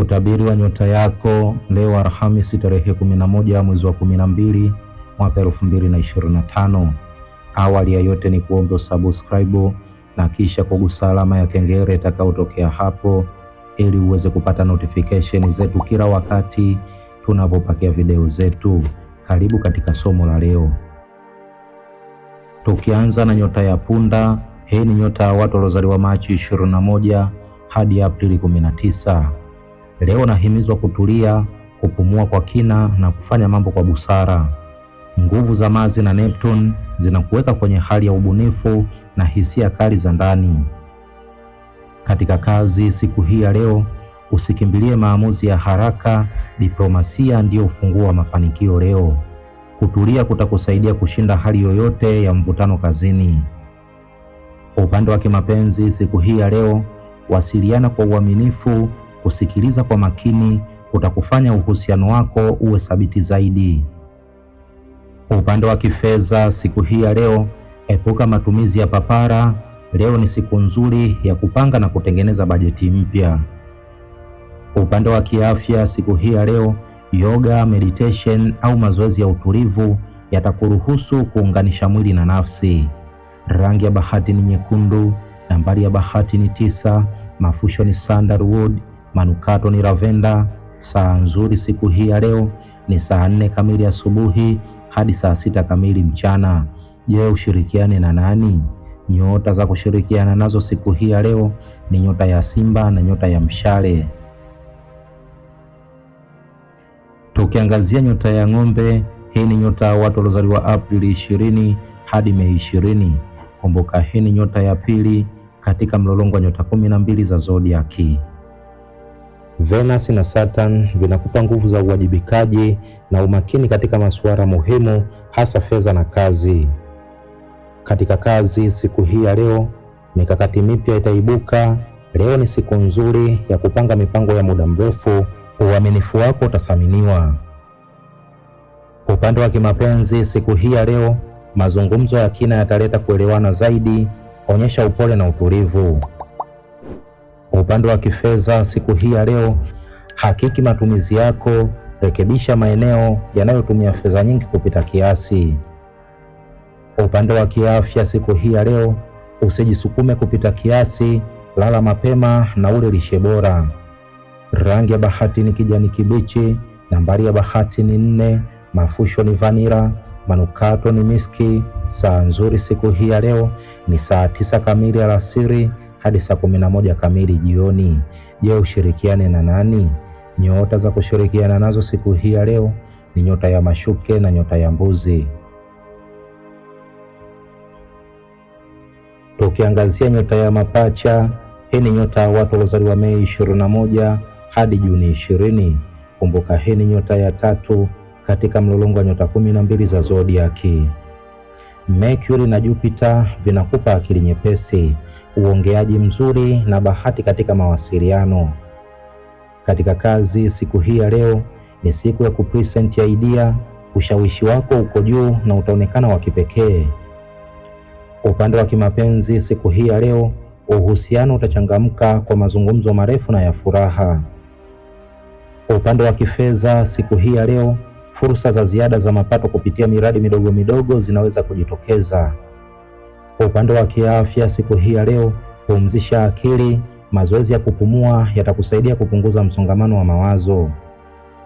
Utabiri wa nyota yako leo Alhamisi tarehe 11 mwezi wa 12 mwaka 2025. Awali ya yote ni kuomba subscribe na kisha kugusa alama ya kengele itakayotokea hapo ili uweze kupata notification zetu kila wakati tunapopakia video zetu. Karibu katika somo la leo, tukianza na nyota ya punda. Hii ni nyota ya watu waliozaliwa Machi 21 hadi Aprili 19. Leo nahimizwa kutulia, kupumua kwa kina na kufanya mambo kwa busara. Nguvu za mazi na Neptune zinakuweka kwenye hali ya ubunifu na hisia kali za ndani. Katika kazi siku hii ya leo, usikimbilie maamuzi ya haraka. Diplomasia ndiyo ufunguo wa mafanikio leo. Kutulia kutakusaidia kushinda hali yoyote ya mvutano kazini. Kwa upande wa kimapenzi siku hii ya leo, wasiliana kwa uaminifu kusikiliza kwa makini kutakufanya uhusiano wako uwe thabiti zaidi. Upande wa kifedha, siku hii ya leo, epuka matumizi ya papara. Leo ni siku nzuri ya kupanga na kutengeneza bajeti mpya. Upande wa kiafya, siku hii ya leo, yoga, meditation au mazoezi ya utulivu yatakuruhusu kuunganisha mwili na nafsi. Rangi ya bahati ni nyekundu. Nambari ya bahati ni tisa. Mafusho ni sandalwood. Manukato ni ravenda Saa nzuri siku hii ya leo ni saa nne kamili asubuhi hadi saa sita kamili mchana. Je, ushirikiane na nani? Nyota za kushirikiana nazo siku hii ya leo ni nyota ya Simba na nyota ya Mshale. Tukiangazia nyota ya Ng'ombe, hii ni nyota ya watu waliozaliwa Aprili ishirini hadi Mei ishirini. Kumbuka, hii ni nyota ya pili katika mlolongo wa nyota kumi na mbili za zodiaki. Venus na Saturn vinakupa nguvu za uwajibikaji na umakini katika masuala muhimu, hasa fedha na kazi. Katika kazi siku hii ya leo, mikakati mipya itaibuka. Leo ni siku nzuri ya kupanga mipango ya muda mrefu. Uaminifu wako utathaminiwa. Upande wa kimapenzi siku hii ya leo, mazungumzo ya kina yataleta kuelewana zaidi. Onyesha upole na utulivu. Kwa upande wa kifedha, siku hii ya leo, hakiki matumizi yako, rekebisha maeneo yanayotumia fedha nyingi kupita kiasi. Kwa upande wa kiafya, siku hii ya leo, usijisukume kupita kiasi, lala mapema na ule lishe bora. Rangi ya bahati ni kijani kibichi. Nambari ya bahati ni nne. Mafusho ni vanira. Manukato ni miski. Saa nzuri siku hii ya leo ni saa tisa kamili alasiri hadi saa kumi na moja kamili jioni. Je, ushirikiane na nani? Nyota za kushirikiana nazo siku hii ya leo ni nyota ya mashuke na nyota ya mbuzi. Tukiangazia nyota ya mapacha, hii ni nyota ya watu waliozaliwa Mei ishirini moja hadi Juni ishirini. Kumbuka, hii ni nyota ya tatu katika mlolongo wa nyota kumi na mbili za zodiaki. Mercury na Jupiter vinakupa akili nyepesi uongeaji mzuri na bahati katika mawasiliano. Katika kazi, siku hii ya leo ni siku ya kupresent idea. Ushawishi wako uko juu na utaonekana wa kipekee. Upande wa kimapenzi, siku hii ya leo, uhusiano utachangamka kwa mazungumzo marefu na ya furaha. Upande wa kifedha, siku hii ya leo, fursa za ziada za mapato kupitia miradi midogo midogo zinaweza kujitokeza. Kwa upande wa kiafya, siku hii ya leo, pumzisha akili. Mazoezi ya kupumua yatakusaidia kupunguza msongamano wa mawazo.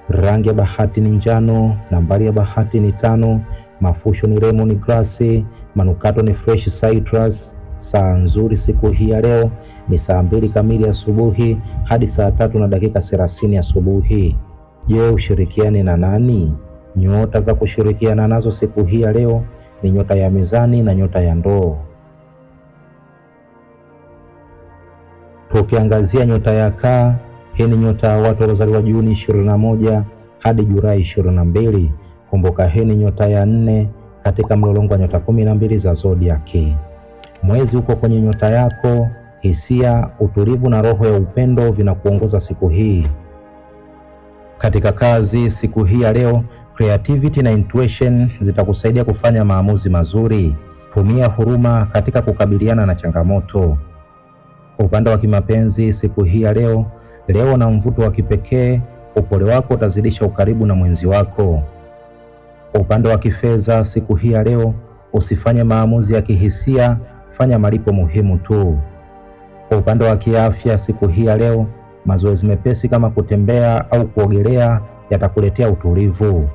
Rangi ya bahati ni njano. Nambari ya bahati ni tano. Mafusho ni lemon grasi. Manukato ni fresh citrus. Saa nzuri siku hii ya leo ni saa mbili kamili asubuhi hadi saa tatu na dakika thelathini asubuhi. Je, ushirikiane na nani? Nyota za kushirikiana nazo siku hii ya leo ni nyota ya mezani na nyota ya ndoo. Tukiangazia nyota ya kaa, hii ni nyota ya watu waliozaliwa Juni 21 hadi Julai 22. Kumbuka hii ni nyota ya nne katika mlolongo wa nyota kumi na mbili za zodiaki. Mwezi uko kwenye nyota yako. Hisia, utulivu na roho ya upendo vinakuongoza siku hii. Katika kazi siku hii ya leo Creativity na intuition zitakusaidia kufanya maamuzi mazuri. Tumia huruma katika kukabiliana na changamoto. Upande wa kimapenzi siku hii ya leo, leo na mvuto wa kipekee, upole wako utazidisha ukaribu na mwenzi wako. Upande wa kifedha siku hii ya leo, usifanye maamuzi ya kihisia, fanya malipo muhimu tu. Kwa upande wa kiafya siku hii ya leo, mazoezi mepesi kama kutembea au kuogelea yatakuletea utulivu.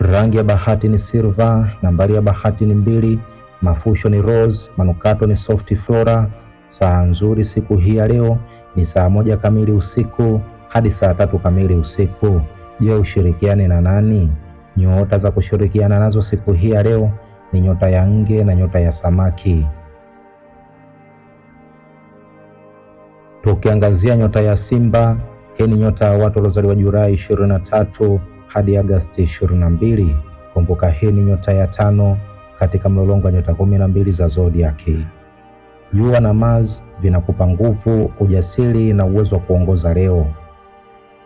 Rangi ya bahati ni silver, nambari ya bahati ni mbili, mafusho ni rose, manukato ni soft flora. Saa nzuri siku hii ya leo ni saa moja kamili usiku hadi saa tatu kamili usiku. Je, ushirikiane na nani? Nyota za kushirikiana nazo siku hii ya leo ni nyota ya nge na nyota ya samaki. Tukiangazia nyota ya Simba, hii ni nyota ya watu waliozaliwa Julai 23 hadi Agasti 22. Kumbuka hii ni nyota ya tano katika mlolongo wa nyota 12 za zodiaki. Jua na Mars vinakupa nguvu, ujasiri na uwezo wa kuongoza leo.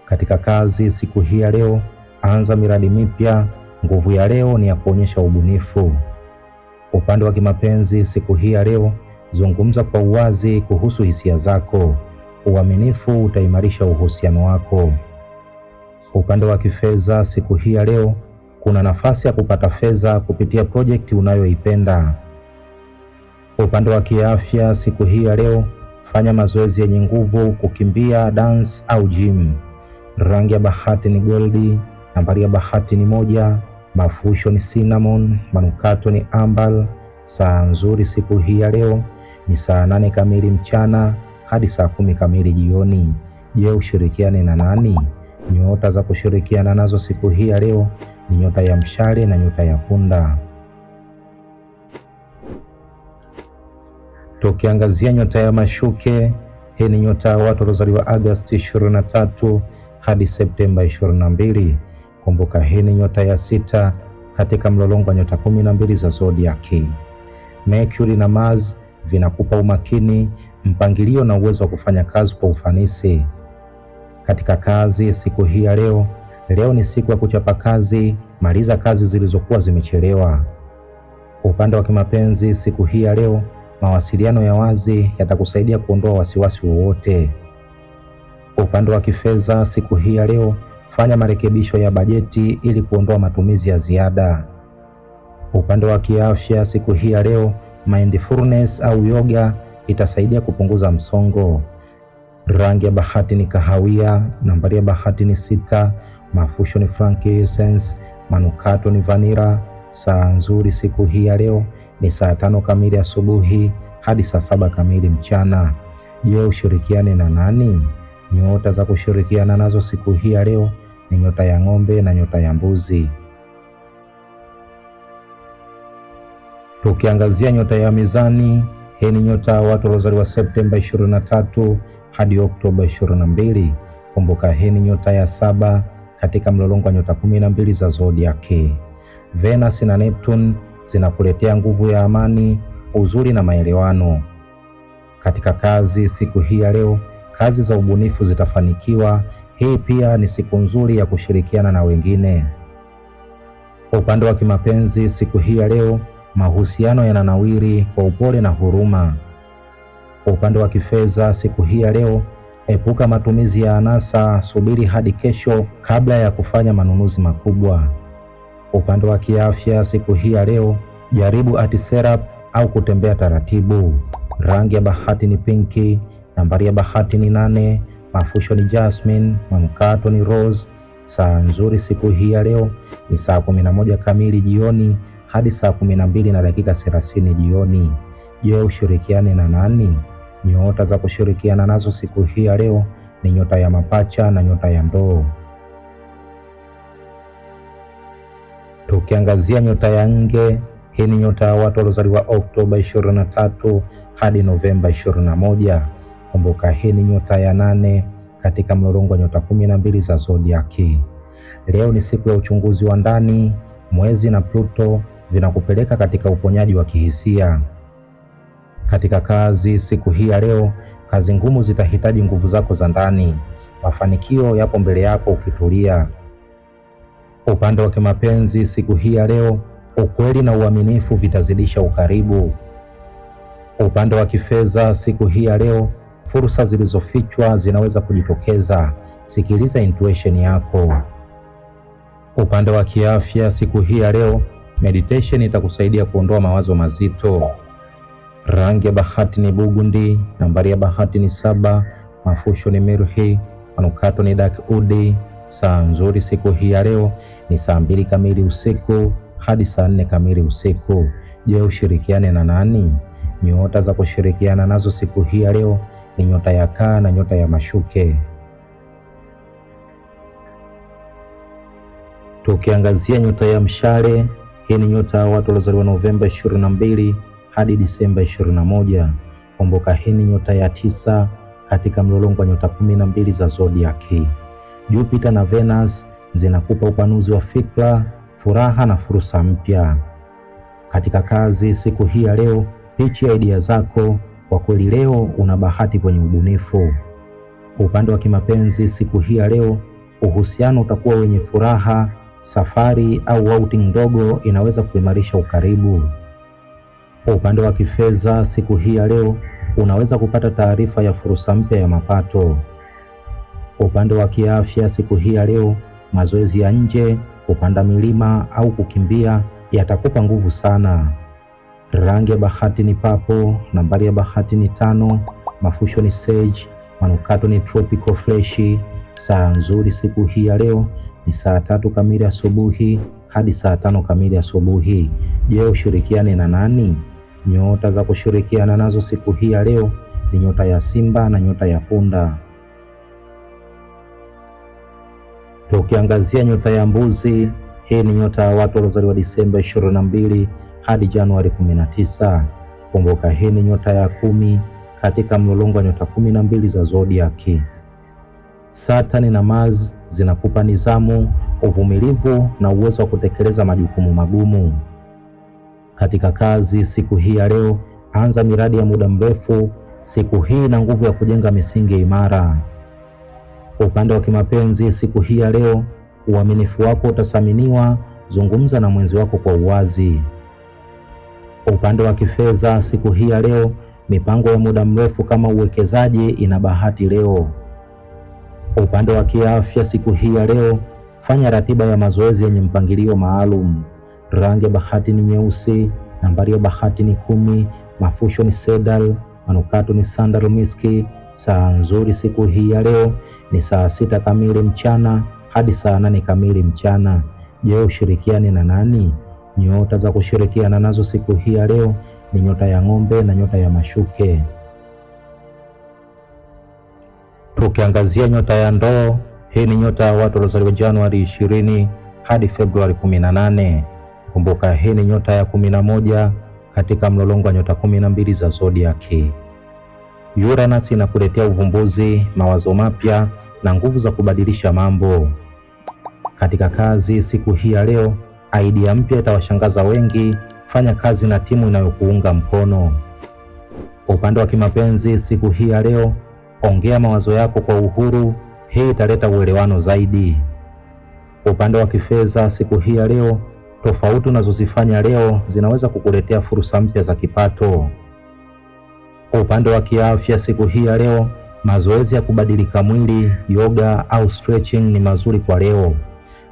Katika kazi siku hii ya leo, anza miradi mipya. Nguvu ya leo ni ya kuonyesha ubunifu. Upande wa kimapenzi siku hii ya leo, zungumza kwa uwazi kuhusu hisia zako. Uaminifu utaimarisha uhusiano wako. Kwa upande wa kifedha, siku hii ya leo kuna nafasi ya kupata fedha kupitia projekti unayoipenda. Kwa upande wa kiafya, siku hii ya leo fanya mazoezi yenye nguvu, kukimbia, dance au gym. Rangi ya bahati ni goldi, nambari ya bahati ni moja, mafusho ni cinnamon, manukato ni ambal. Saa nzuri siku hii ya leo ni saa nane kamili mchana hadi saa kumi kamili jioni. Je, ushirikiane na nani? Nyota za kushirikiana nazo siku hii ya leo ni nyota ya mshale na nyota ya punda. Tukiangazia nyota ya mashuke, hii ni nyota ya watu waliozaliwa Agosti 23 hadi Septemba 22. Kumbuka hii ni nyota ya sita katika mlolongo wa nyota kumi na mbili za zodiaki. Mercury na Mars vinakupa umakini, mpangilio na uwezo wa kufanya kazi kwa ufanisi katika kazi siku hii ya leo. Leo ni siku ya kuchapa kazi, maliza kazi zilizokuwa zimechelewa. Upande wa kimapenzi siku hii ya leo, mawasiliano ya wazi yatakusaidia kuondoa wasiwasi wowote. Upande wa kifedha siku hii ya leo, fanya marekebisho ya bajeti ili kuondoa matumizi ya ziada. Upande wa kiafya siku hii ya leo, mindfulness au yoga itasaidia kupunguza msongo rangi ya bahati ni kahawia, nambari ya bahati ni sita, mafusho ni frankincense, manukato ni vanira. Saa nzuri siku hii ya leo ni saa tano kamili asubuhi hadi saa saba kamili mchana. Je, ushirikiane na nani? Nyota za kushirikiana nazo siku hii ya leo ni nyota ya ng'ombe na nyota ya mbuzi. Tukiangazia nyota ya mizani, hii ni nyota ya watu waliozaliwa Septemba 23 hadi Oktoba 22. Kumbuka hii ni nyota ya saba katika mlolongo wa nyota 12 za zodiaki. Venus na Neptune zinakuletea nguvu ya amani, uzuri na maelewano. Katika kazi siku hii ya leo, kazi za ubunifu zitafanikiwa. Hii pia ni siku nzuri ya kushirikiana na wengine. Kwa upande wa kimapenzi, siku hii ya leo, mahusiano yananawiri kwa upole na huruma. Kwa upande wa kifedha siku hii ya leo, epuka matumizi ya anasa, subiri hadi kesho kabla ya kufanya manunuzi makubwa. Kwa upande wa kiafya siku hii ya leo, jaribu atiserap au kutembea taratibu. Rangi ya bahati ni pinki, nambari ya bahati ni nane, mafusho ni jasmine, manukato ni rose. Saa nzuri siku hii ya leo ni saa moja kamili jioni hadi saa kumi na dakika thelathini jioni. Je, ushirikiane na nani? Nyota za kushirikiana nazo siku hii ya leo ni nyota ya mapacha na nyota ya ndoo. Tukiangazia nyota ya nge, hii ni nyota ya watu waliozaliwa Oktoba 23 hadi Novemba 21. Kumbuka hii ni nyota ya nane katika mlolongo wa nyota kumi na mbili za zodiaki. Leo ni siku ya uchunguzi wa ndani. Mwezi na Pluto vinakupeleka katika uponyaji wa kihisia. Katika kazi siku hii ya leo, kazi ngumu zitahitaji nguvu zako za ndani. Mafanikio yapo mbele yako ukitulia. Upande wa kimapenzi siku hii ya leo, ukweli na uaminifu vitazidisha ukaribu. Upande wa kifedha siku hii ya leo, fursa zilizofichwa zinaweza kujitokeza. Sikiliza intuition yako. Upande wa kiafya siku hii ya leo, meditation itakusaidia kuondoa mawazo mazito. Rangi ya bahati ni bugundi, nambari ya bahati ni saba, mafusho ni mirhi, manukato ni dark udi. Saa nzuri siku hii ya leo ni saa mbili kamili usiku hadi saa nne kamili usiku. Je, ushirikiane na nani? Nyota za kushirikiana nazo siku hii ya leo ni nyota ya kaa na nyota ya mashuke. Tukiangazia nyota ya mshale, hii ni nyota ya watu waliozaliwa Novemba ishirini na mbili hadi Disemba 21. Kumbuka, hii ni nyota ya tisa katika mlolongo wa nyota kumi na mbili za zodiaki. Jupiter na Venus zinakupa upanuzi wa fikra, furaha na fursa mpya katika kazi. Siku hii ya leo, pichi ya idea zako. Kwa kweli, leo una bahati kwenye ubunifu. Upande wa kimapenzi, siku hii ya leo, uhusiano utakuwa wenye furaha. Safari au outing ndogo inaweza kuimarisha ukaribu. Kwa upande wa kifedha, siku hii ya leo unaweza kupata taarifa ya fursa mpya ya mapato. Kwa upande wa kiafya, siku hii ya leo, mazoezi ya nje, kupanda milima au kukimbia yatakupa nguvu sana. Rangi ya bahati ni papo, nambari ya bahati ni tano, mafusho ni sage, manukato ni tropical fresh. Saa nzuri siku hii ya leo ni saa tatu kamili asubuhi hadi saa tano kamili asubuhi. Je, ushirikiane na nani? Nyota za kushirikiana nazo siku hii ya leo ni nyota ya Simba na nyota ya Punda. Tukiangazia nyota ya Mbuzi, hii ni nyota ya watu waliozaliwa Disemba 22 hadi Januari 19. Kumbuka, hii ni nyota ya kumi katika mlolongo wa nyota kumi na mbili za zodiaki. Satani na Mars zinakupa nizamu, uvumilivu na uwezo wa kutekeleza majukumu magumu katika kazi siku hii ya leo. Anza miradi ya muda mrefu siku hii na nguvu ya kujenga misingi imara. Kwa upande wa kimapenzi siku hii ya leo, uaminifu wako utathaminiwa. Zungumza na mwenzi wako kwa uwazi. Kwa upande wa kifedha siku hii ya leo, mipango ya muda mrefu kama uwekezaji ina bahati leo. Kwa upande wa kiafya siku hii ya leo, fanya ratiba ya mazoezi yenye mpangilio maalum. Rangi ya bahati ni nyeusi, nambari ya bahati ni kumi, mafusho ni sedal, manukato ni sandal miski. Saa nzuri siku hii ya leo ni saa sita kamili mchana hadi saa nane kamili mchana. Je, ushirikiane na nani? Nyota za kushirikiana nazo siku hii ya leo ni nyota ya ng'ombe na nyota ya mashuke. Tukiangazia nyota ya ndoo, hii ni nyota ya watu waliozaliwa Januari 20 hadi Februari 18. Kumbuka hii ni nyota ya kumi na moja katika mlolongo wa nyota kumi na mbili za zodiaki. Uranus inakuletea uvumbuzi, mawazo mapya na nguvu za kubadilisha mambo. Katika kazi siku hii ya leo, idea mpya itawashangaza wengi. Fanya kazi na timu inayokuunga mkono. Upande wa kimapenzi siku hii ya leo, ongea mawazo yako kwa uhuru. Hii italeta uelewano zaidi. Upande wa kifedha siku hii ya leo tofauti unazozifanya leo zinaweza kukuletea fursa mpya za kipato. Kwa upande wa kiafya, siku hii ya leo, mazoezi ya kubadilika mwili, yoga au stretching ni mazuri kwa leo.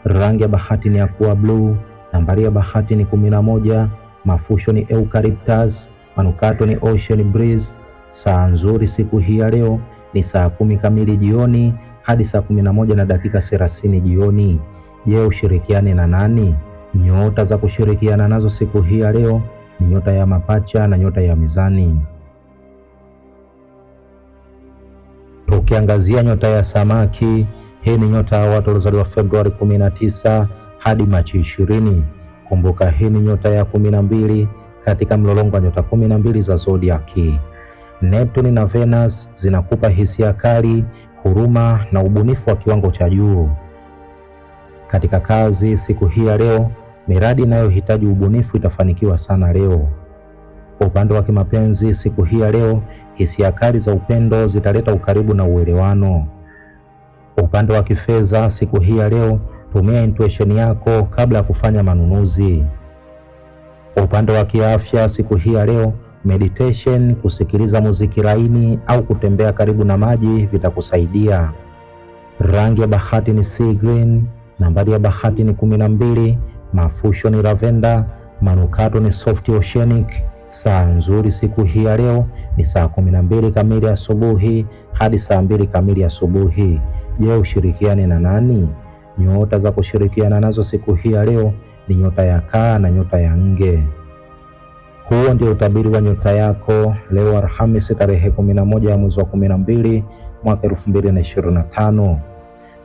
Rangi ya bahati ni ya kuwa bluu. Nambari ya bahati ni kumi na moja. Mafusho ni eucalyptus. Manukato ni ocean breeze. Saa nzuri siku hii ya leo ni saa kumi kamili jioni hadi saa kumi na moja na dakika thelathini jioni. Je, ushirikiane na nani? Nyota za kushirikiana nazo siku hii ya leo ni nyota ya mapacha na nyota ya mizani. Tukiangazia nyota ya samaki, hii ni nyota ya watu waliozaliwa Februari 19 hadi Machi 20. Kumbuka hii ni nyota ya 12 katika mlolongo wa nyota 12 za zodiaki. Neptune na Venus zinakupa hisia kali, huruma na ubunifu wa kiwango cha juu. Katika kazi siku hii ya leo Miradi inayohitaji ubunifu itafanikiwa sana leo. Kwa upande wa kimapenzi, siku hii ya leo, hisia kali za upendo zitaleta ukaribu na uelewano. Kwa upande wa kifedha, siku hii ya leo, tumia intuition yako kabla ya kufanya manunuzi. Kwa upande wa kiafya, siku hii ya leo, meditation, kusikiliza muziki laini au kutembea karibu na maji vitakusaidia. Rangi ya bahati ni sea green. Nambari ya bahati ni kumi na mbili. Mafusho ni lavenda, manukato ni soft oceanic. Saa nzuri siku hii ya leo ni saa kumi na mbili kamili asubuhi hadi saa mbili kamili asubuhi. Je, ushirikiane na nani? Nyota za kushirikiana nazo siku hii ya leo ni nyota ya kaa na nyota ya nge. Huo ndio utabiri wa nyota yako leo Alhamisi tarehe 11 ya mwezi wa 12 mwaka 2025.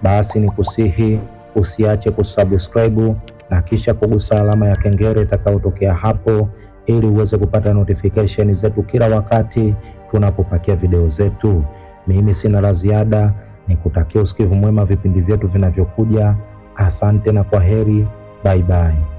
Basi ni kusihi usiache kusubscribe na kisha kugusa alama ya kengele itakayotokea hapo, ili uweze kupata notification zetu kila wakati tunapopakia video zetu. Mimi sina la ziada, nikutakia usikivu mwema vipindi vyetu vinavyokuja. Asante na kwa heri, bye bye.